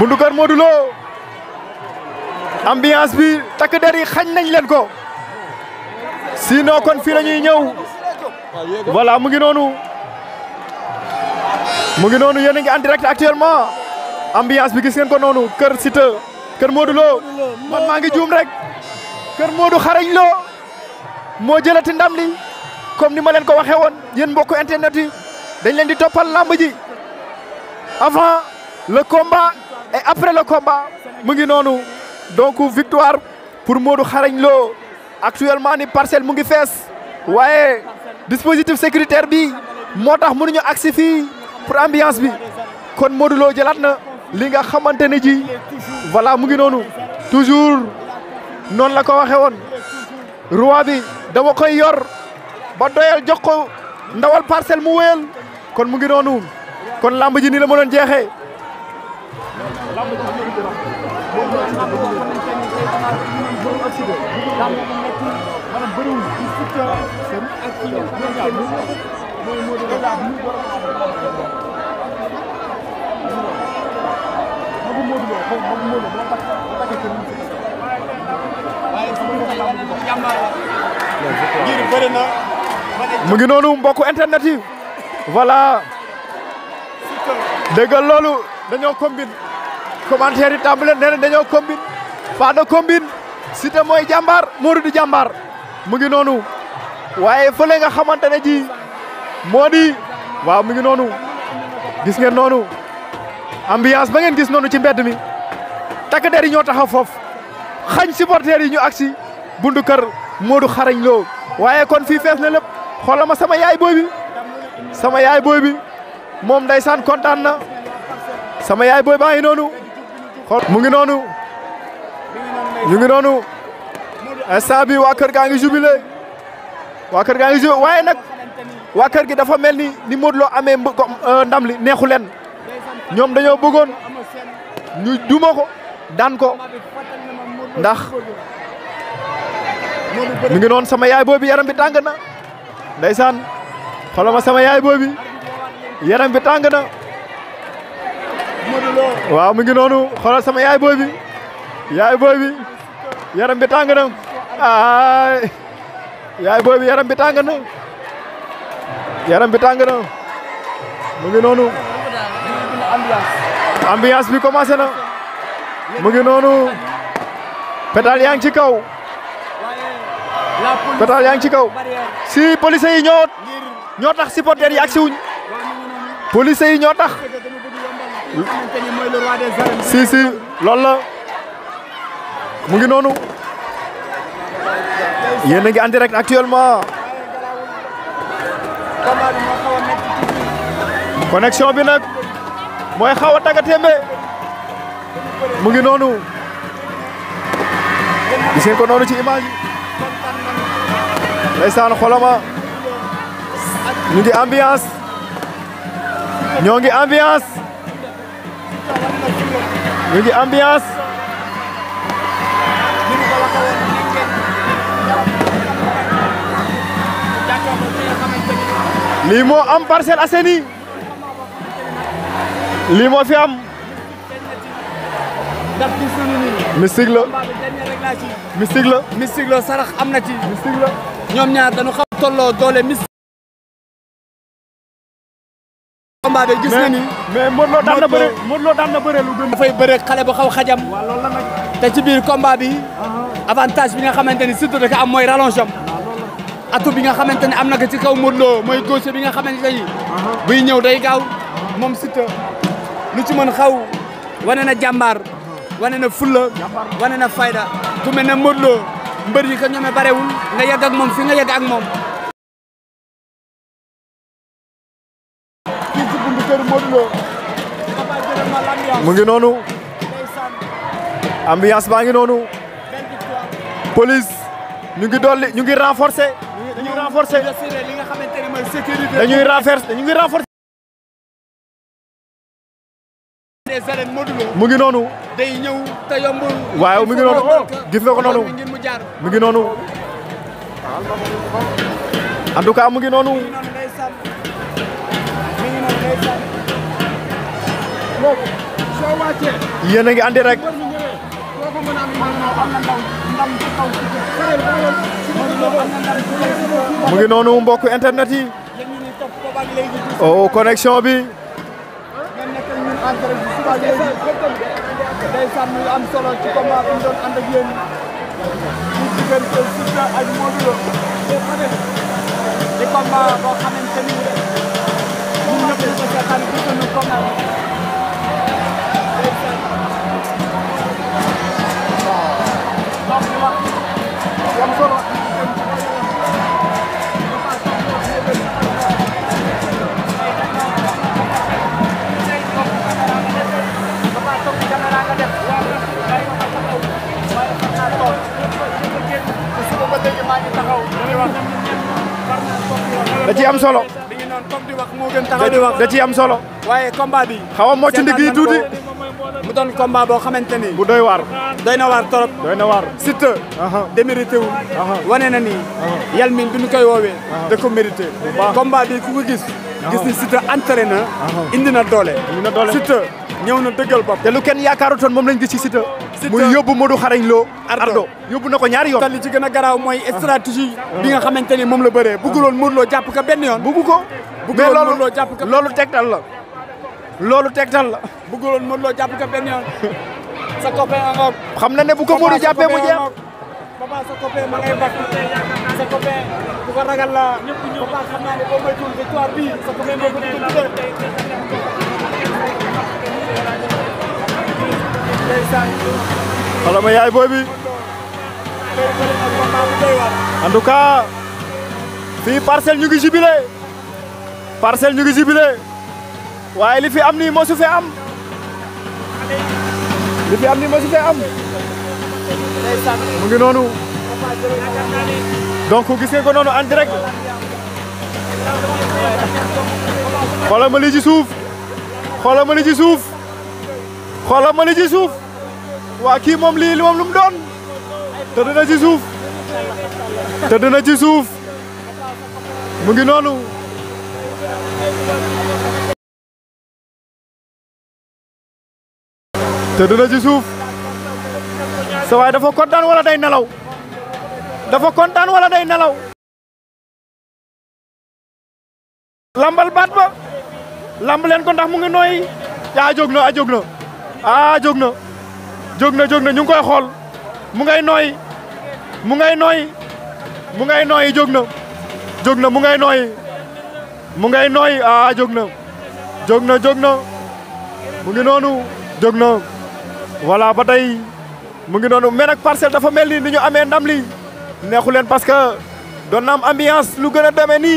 bundu kër Modou Lo ambiance bi takk der yi xañ nañ leen ko sinon kon fii la ñëw voilà mu ngi noonu mu ngi noonu yéen a ngi en actuellement ambiance bi gis ngeen ko noonu kër Siteu kër Modou Lo man maa ngi juum rek kër Modou xarañ loo moo jëlati ndam li comme ni ma leen ko waxee woon yéen mbokku internet yi dañ leen di toppal lamb ji avant le combat et après le combat mu ngi noonu donc victoire pour Modou Xarañ loo actuellement ni parcelle mu ngi fees waaye dispositif sécuritaire bi moo tax mënuñu agsi fii pour ambiance bi kon Modou Lo jëlaat na li nga xamante ne ji voilà mu ngi noonu toujours noonu la ko waxee woon roi bi dama koy yor ba doyal jox ko ndawal parcelle mu wéyal kon mu ngi noonu kon làmb ji ni la mënoon jeexee. mu ngi noonu mbokku internet yi voilà dégg loolu dañoo combine commentaire yi tàmbale nee na dañoo combine Fada combine Siteu mooy jàmbaar Modou di jàmbaar mu ngi noonu waaye fële nga xamante ne ji moo di waaw mu ngi noonu gis ngeen noonu ambiance ba ngeen gis noonu ci mbedd mi takk der yi ñoo taxaw foofu xañ supporter yi ñu agsi bundu kër Modou xarañ loo waaye kon fii fees na lépp xoolal ma sama yaay booy bi sama yaay booy bi moom ndeysaan kontaan na sama yaay booy baa ngi noonu mu ngi noonu ñu ngi noonu instant bi waa kër gaa ngi jubilé waa kër gaa ngi jubilé waaye nag waa kër gi dafa mel ni ni Modou Lo amee euh, ndam li neexu leen ñoom dañoo bëggoon ñu duma ko daan ko ndax mi ngi noonu sama yaay boobi yaram bi tàng na ndeysaan xoolal ma sama yaay boobi yaram bi tàng na waaw mu noonu xoolal sama yaay booy bi yaay booy bi yaram bi tàng ay yaay booy bi yaram bi tàng na yaram bi tàng mu ngi noonu ambiance bi commencé na mu ngi noonu pétal yaa ngi ci kaw pétal yaa ngi ci kaw si police yi ñoo ñoo tax supporter yi ak si wuñ yi ñoo si si loolu la mu ngi noonu yéen a ngi en direct actuellement connexion bi nag mooy xaw a tagga mu ngi noonu gis ngeen ko noonu ci image yi xolama ñu ngi ambiance ñoo ngi ambiance ñu ngi ambiance. lii moo am Parcelles Assainies lii moo fi am. mystique la. mystique la. mystique la sarax am na ci. mystique la ñoom ñaar dañu xam tolloo doole mystique. combat bi gis na ni mais Modou Lo daan na bëre na bëre lu gën dafay bëre xale bu xaw xajam te ci biir combat bi ah, ah. avantage bi nga xamante ni surtout dafa am mooy rallonge am ah, atu bi nga xamante ne am na ko ci kaw Modou Lo mooy gauche bi nga xamante ni buy ñëw day gaaw moom surtout lu ci mën xaw wane na jàmbaar wane na fulla wane na fayda ku mel ne Modou Lo yi ko ñoome barewul nga yegg ak moom fi nga yegg ak moom kër Modou Lo mu ngi noonu ambiance baa ngi noonu police ñu ngi dolli ñu ngi renforcer ñu ngi renforcer dañuy ñu ngi renforcer mu ngi noonu day mu ngi noonu gis nga noonu mu ngi noonu en mu ngi noonu yéen a ngi andi rek. mu ngi noonu mbokku internet yi. oh, oh connexion bi. da ci am solo comme di wax da ci am solo. waaye combat bi. xaw a mocc ndig yi tuuti. mu doon combat boo xamante ni. bu doy waar. doy na waar trop. doy na waar Siteu. démérité wul. wane na ni. Yelmine bi ñu koy woowee. da ko mérité. combat bi gis. gis ni Siteu entraîné na. Ah. indi na doole. indi na doole Siteu ñëw na dëggal bopp. te lu kenn yaakaarutoon moom lañ gis ci Siteu. muy yóbbu Modou xarañ loo. Ardo yóbbu na ko ñaari yoon. te li ci gën a garaaw mooy ah. stratégie. Ah. bi nga xamante ni moom la bëree. bëgguloon Modou Lo jàpp ka benn yoon. bëggu ko mais loolu loolu tegtal la. loolu tegtal la. bëgguloon Modou Lo jàpp ka benn yoon. sa copain ngoog. xam na ne bu ko Modou jàppee mu jeex. papa sa copain ma ngay bakk sa copain bu ko ragal la. Papa yaay booy bi. en tout cas. fii parcelle ñu ngi jubilé. parcelle ñu ngi jubilé. waaye li fi am nii mosu fi am. li fi am nii mosu fi am. mu ngi noonu. donc gis nga ko noonu en xoolal ma li ci suuf xoola ma li ci suuf xoola ma li ci suuf waa kii moom lii moom lu mu doon tëdd na ci suuf tëdd na ci suuf mu ngi noonu tëdd na ci suuf sa waay dafa kontaan wala day nelaw dafa kontaan wala day nelaw lambal baat ba lamb ko ndax mu ngi nooy yaa jóg na a jóg na a jóg jóg na jóg na ñu koy xool mu ngay nooy mu ngay nooy mu ngay nooy jóg na jóg na mu ngay nooy mu ngay nooy a jóg na jóg na jóg na mu ngi noonu jóg na voilà ba tey mu ngi noonu mais nag parcelle dafa mel ni ni ñu amee ndam li neexu leen parce que doon na am ambiance lu gën a demee nii